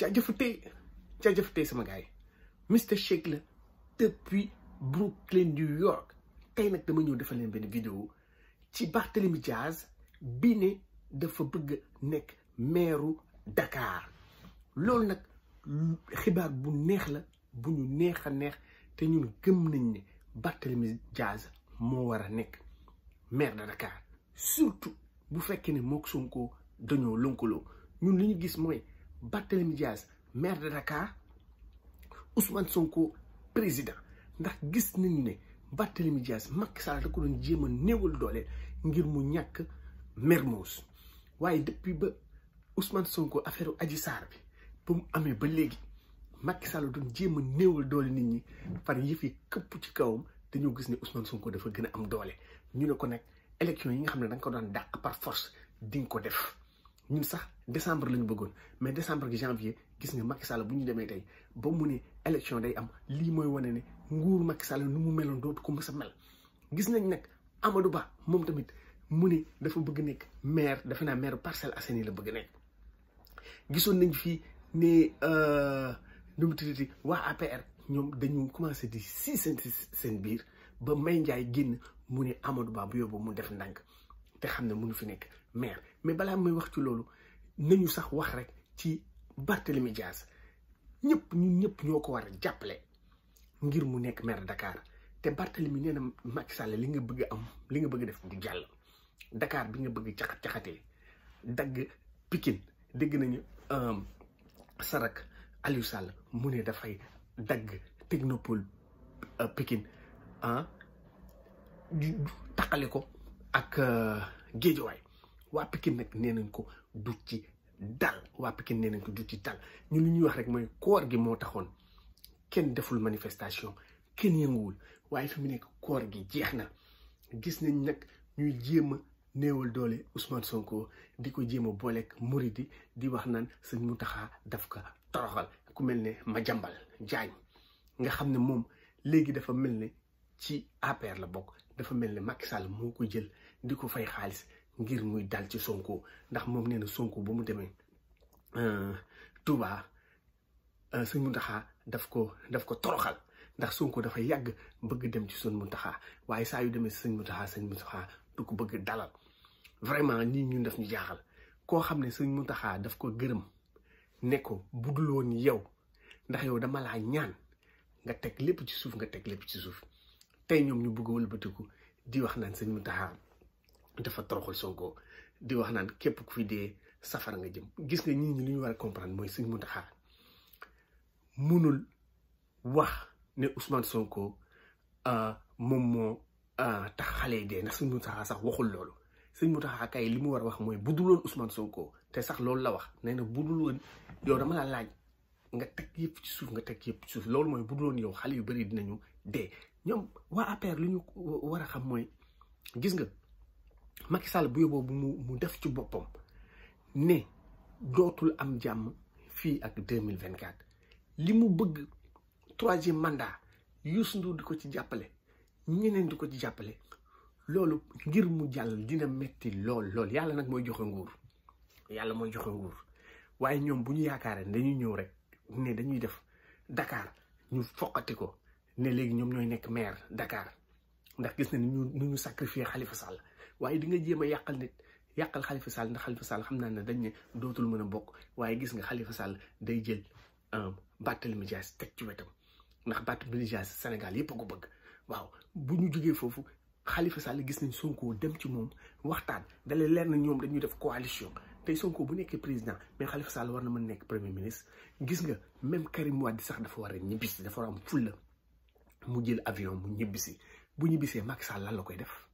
jaajëfatee jaajëfatee sama gars yi Mister Shake la depuis Brooklyn New York tey nag dama ñëw defal leen benn vidéo ci Barthélemy Diaz bi ne dafa bëgg nekk meeru Dakar loolu nag xibaar bu neex la bu ñu neex a neex te ñun gëm nañ ne Barthélemy Diaz moo war a nekk maire de Dakar surtout bu fekkee ne mook Sonko dañoo lënkaloo ñun li ñu gis mooy Barthélemy Dias maire de Dakar Ousmane Sonko président ndax gis nañu ne Barthélemy Dias Macky Sall da ko doon jéem a néewal doole ngir mu ñàkk Mermoz waaye depuis ba Ousmane Sonko affaire Adji Sarr bi ba mu amee ba léegi Macky Sall doon jéem a néewal doole nit ñi far yëf yi këpp ci kawam dañoo gis ne Ousmane Sonko dafa gën a am doole ñu ne ko nag élection yi nga xam ne da ko doon dàq par force di ko def. ñun sax décembre la ñu bëggoon mais décembre ak janvier gis nga Macky Sall bu ñu demee tey ba mu ne élection day am lii mooy wane ne nguur Macky Sall nu mu meloon dootu ko mës a mel gis nañ nag Amadou Ba moom tamit mu ne dafa bëgg nekk maire dafa naa maire Parcelles Assainies la bëgg nekk gisoon nañ fii ne euh, nu mu tuddati waa APR ñoom dañu commencé di si seen seen biir ba May Ndiaye génn mu ne amadouba Ba bu yóbbu mu def ndànk te xam ne mënu fi nekk maire mais balaa muy wax ci loolu nañu sax wax rek ci Barthélemy Dias ñëpp ñu ñëpp ñoo ko war a jàppale ngir mu nekk maire Dakar te Barthélemy nee na Macky Sall li nga bëgg am li nga bëgg def du jàll Dakar bi nga bëgg caxat caxatee dagg Pikine dégg nañu euh, Sarak Aliou Sall mu ne dafay dagg technopole euh, Pikine ah taqale ko. ak euh, géejawaay waa Pikine nag nee nañ ko du ci dal waa Pikine nee nañ ko du ci dal ñun li ñuy wax rek mooy koor gi moo taxoon kenn deful manifestation kenn yënguwul waaye fi mu nekk koor gi jeex na gis nañ nag ñuy jéem a néewal doole Ousmane Sonko di ko jéem a booleeg Muridi di wax naan sëñ Mountakha daf ko toroxal ku mel ne jàmbal Diagne nga xam ne moom léegi dafa mel ne ci APR la bokk dafa mel ne Macky Sall moo ko jël di ko fay xaalis ngir muy dal ci Sonko ndax moom nee na ba mu demee euh, Touba euh, sëñ Muntaxa daf ko daf ko toroxal ndax Sonko dafa yàgg bëgg dem ci sëñ Muntaxa waaye saa yu demee sëñ Muntaxa sëñ Muntaxa du ko bëgg dalal vraiment ñii ñun daf ñu koo xam ne sëñ Muntaxa daf ko gërëm ne ko budul woon yow ndax yow dama laa ñaan nga teg lépp ci suuf nga teg lépp ci suuf. tey ñoom ñu bëgg a wëlbatiku di wax naan sëñ Mountakha dafa toroxal Sonko di wax naan képp ku fi dee safara nga jëm gis nga nit ñi li ñu war a comprendre mooy sëñ Mountakha munul wax ne Ousmane Sonko euh, moom moo euh, tax xale yi dee ndax sëñ Mountakha sax waxul loolu sëñ Mountakha kay li mu war a wax mooy budul woon Ousmane Sonko te sax loolu la wax nee na budul woon yow dama la laaj nga teg yëpp ci suuf nga teg yëpp suuf loolu mooy budul woon yow xale yu bari dinañu dee ñoom waa APR lu ñu war a xam mooy gis nga Macky bu yóbboo mu mu def ci boppam ne dootul am jàmm fii ak deux mille vingt quatre li mu bëgg troisième mandat Youssou Ndour di ko ci jàppale ñeneen di ko ci jàppale loolu ngir mu jàll dina metti lool lool yàlla nag mooy joxe nguur yàlla mooy joxe nguur waaye ñoom bu ñu yaakaaree dañuy ñëw rek ne dañuy def Dakar ñu foqati ko. ne léegi ñoom ñooy nekk maire dakaar ndax gis na ni ñu ñu sacrifier Khalifa Sall waaye di nga jéem a yàqal nit yàqal Khalifa Sall ndax Khalifa Sall xam naa ne dañ ne dootul mën a bokk waaye gis nga Khalifa Sall day jël um, Barthélémy Dias teg ci wetam ndax Barthélémy Dias Sénégal yëpp ko bëgg waaw bu ñu jógee foofu xalifa Sall gis nañ Sonko dem ci moom waxtaan dalee leer na ñoom dañuy def coalition tey Sonko bu nekkee président mais Khalifa Sall war na mën nekk premier ministre gis nga même Karim Wade sax dafa war a ñibbisi dafa war a am fulla mu jël avion mu ñibbisi bu ñibbisee Macky Sall lan la koy def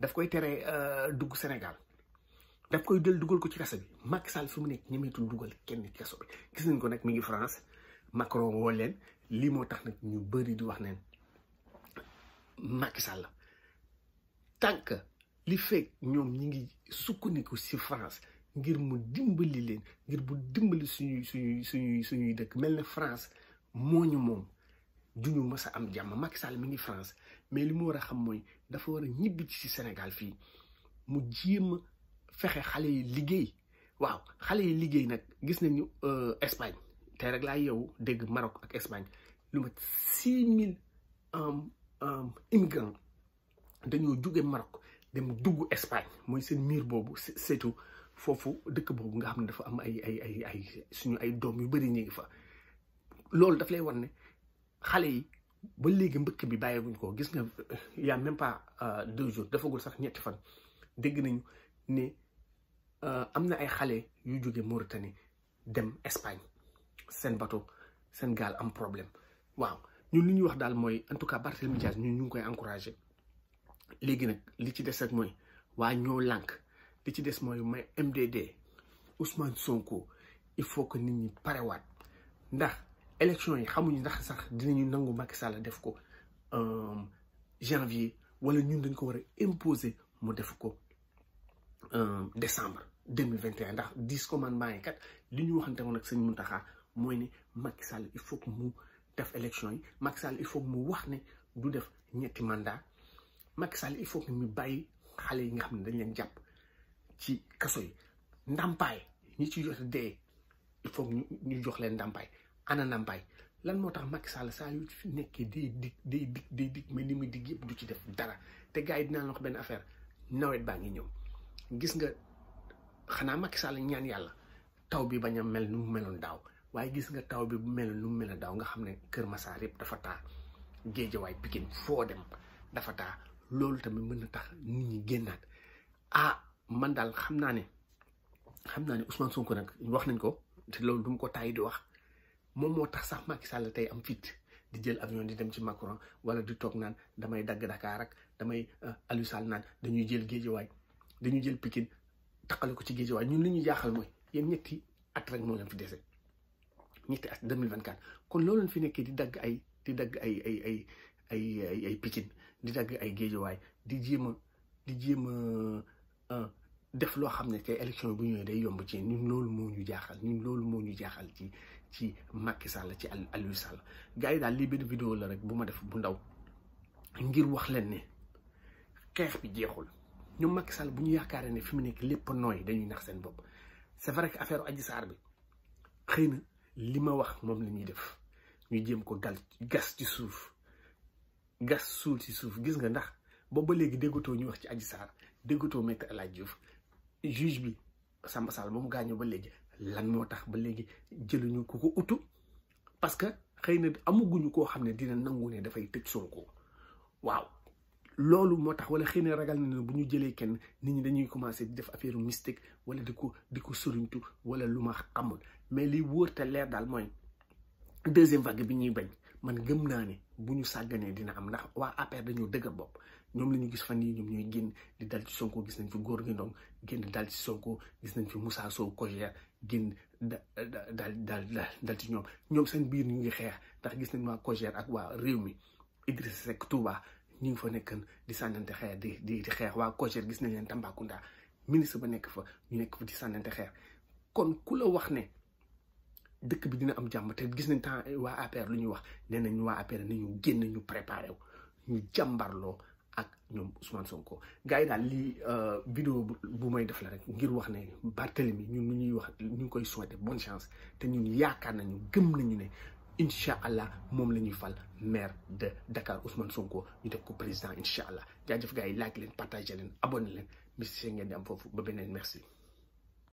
daf koy tere euh, dugg Sénégal daf koy jël dugal ko ci kaso bi Macky Sall fi mu nekk ñemeetul dugal kenn ci kaso bi gis ko nag mu ngi France Macron woo leen lii moo tax nag ñu bëri di wax neen Macky Sall tant que li fekk ñoom ñi ngi sukkandiku si France ngir mu dimbali leen ngir bu dimbali suñuy suñuy suñuy suñuy dëkk mel na France moo ñu moom duñu mës a am jàmm Macky Sall mi ngi France mais li mu war a xam mooy dafa war a ñibbi ci Sénégal fii mu jéem fexe xale yi liggéey waaw xale yi liggéey nag gis nañu euh, Espagne te rek laa yow dégg Maroc ak Espagne lu mat six mille um, um, immigrants dañoo jóge Maroc dem dugg Espagne mooy seen miir boobu surtout foofu dëkk boobu nga xam ne dafa am ay ay ay ay suñu ay doom yu bëri ñu ngi fa loolu daf lay war ne xale yi ba léegi mbëkk bi bàyyeeguñ ko gis nga yaa même pas euh, deux jours dafagul sax ñetti fan dégg nañu ne euh, am na ay xale yu jóge Mauritanie dem Espagne seen bateau seen gaal am problème waaw ñun li ñuy wax daal mooy en tout cas Barthélémy Dias ñun ñu ngi koy encouragé léegi nag li ci des rek mooy waa ñoo lànk li ci des mooy may MDD Ousmane Sonko il faut que nit ñi parewaat ndax élection yi xamuñu ndax sax dinañu nangu Macky Sall def ko euh, janvier wala ñun dañ ko war a imposé mu def ko euh, décembre deux mille vingt et un ndax dix commandements yi kat li ñu waxante woon ak sëñ Mountakha mooy ne Macky Sall il faut que mu def élection yi Macky Sall il faut que mu wax ne du def ñetti mandat Macky Sall il faut que mu bàyyi xale yi nga xam ne dañ leen jàpp ci kaso yi ndàmpaay ñi ci jot dee il ñu jox leen ndàmpaay na Mbaye lan moo tax Macky Sall saa yu fi nekkee day dig day dig day dig mais li muy dig yëpp du ci def dara te gars yi dinaa la benn affaire nawet baa ngi ñëw gis nga xanaa Macky Sall ñaan yàlla taw bi bañ a mel nu mu meloon daaw waaye gis nga taw bi bu meloon nu mu meloon daaw nga xam ne Kër Massar yëpp dafa taa Géejawaay Pikine foo dem taa loolu tamit mën tax nit ñi génnaat ah man daal xam naa ne xam naa ne Ousmane Sonko nag wax nañ ko te loolu du mu ko taay di wax. moom moo tax sax Macky Sall tey am fit di jël avion di dem ci Macron wala di toog naan damay dagg dakaar rek damay euh, Aliou naan dañuy jël Géejawaay dañuy jël Pikine taqale ko ci Géejawaay ñun lañuy jaaxal mooy yéen ñetti at rek moo leen dese ñetti at 2024 kon loolu fi nekkee di dagg ay di dagg ay ay ay ay ay di dagg ay Géejawaay di jéem a di jéem a euh, def loo xam ne tey élection bu ñëwee day yomb ci ñun loolu moo ñu jaaxal ñun loolu moo ñu jaaxal ci ci makki Sall ci al Aliou Sall gars yi daal lii benn vidéo la rek bu ma def bu ndaw ngir wax leen ne xeex bi jeexul ñoom Macky Sall bu ñu yaakaaree ne fi mu nekk lépp nooy dañuy nax seen bopp c'est vrai que affaire aj Sarr bi xëy na li ma wax moom la ñuy def ñu jéem ko gal gas ci suuf gas suuf ci suuf gis nga ndax booba ba léegi déggatoo ñu wax ci Adji Sarr déggatoo maître El Hadj Diouf juge bi Samba Sall ba mu gaañoo ba léegi lan moo tax ba léegi jëluñu ko ko utu parce que xëy na amaguñu koo xam ne dina nangu ne dafay tëj Sonko waaw loolu moo tax wala xëy na ragal na ne bu ñu jëlee kenn nit ñi dañuy commencé di def affaire mystique wala di ko di ko soriñtu wala lu ma xamul mais lii wóor te leer daal mooy deuxième vague bi ñuy bañ man gëm naa ne bu ñu sàgganee dina am ndax waa APR dañoo dëgër bopp ñoom la ñu gis fan nii ñoom ñooy génn di dal ci Sonko gis nañ fi góor gi ndong génn dal Sonko gis nañ fi Moussa Sow Kogère génn daal daal daal ci ñoom ñoom seen biir ñu ngi xeex ndax gis nañ waa Cogère ak waa réew mi Idrissa Seck Touba ñu ngi fa nekkan di sànnante xeer di di xeex waa Cogère gis nañ leen Tambacounda ministre ba nekk fa ñu nekk fa di sànnante xeer kon ku la wax ne dëkk bi dina am jàmm te gis nañ temps waa APR lu ñuy wax nee nañ waa APR nañu génn ñu préparé wu ñu jàmbarloo ak ñoom Ousmane Sonko gars yi daal lii euh, vidéo bu may def la rek ngir wax ne Barthélemy ñun ñu ñuy wax ñu ngi koy souhaiter bonne chance te ñun yaakaar nañu gëm nañu ne incha allah moom la ñuy fal maire de Dakar Ousmane Sonko ñu def ko président incha allah jaajëf gars yi laaj leen partager leen abonné leen bis see ngeen am foofu ba beneen merci.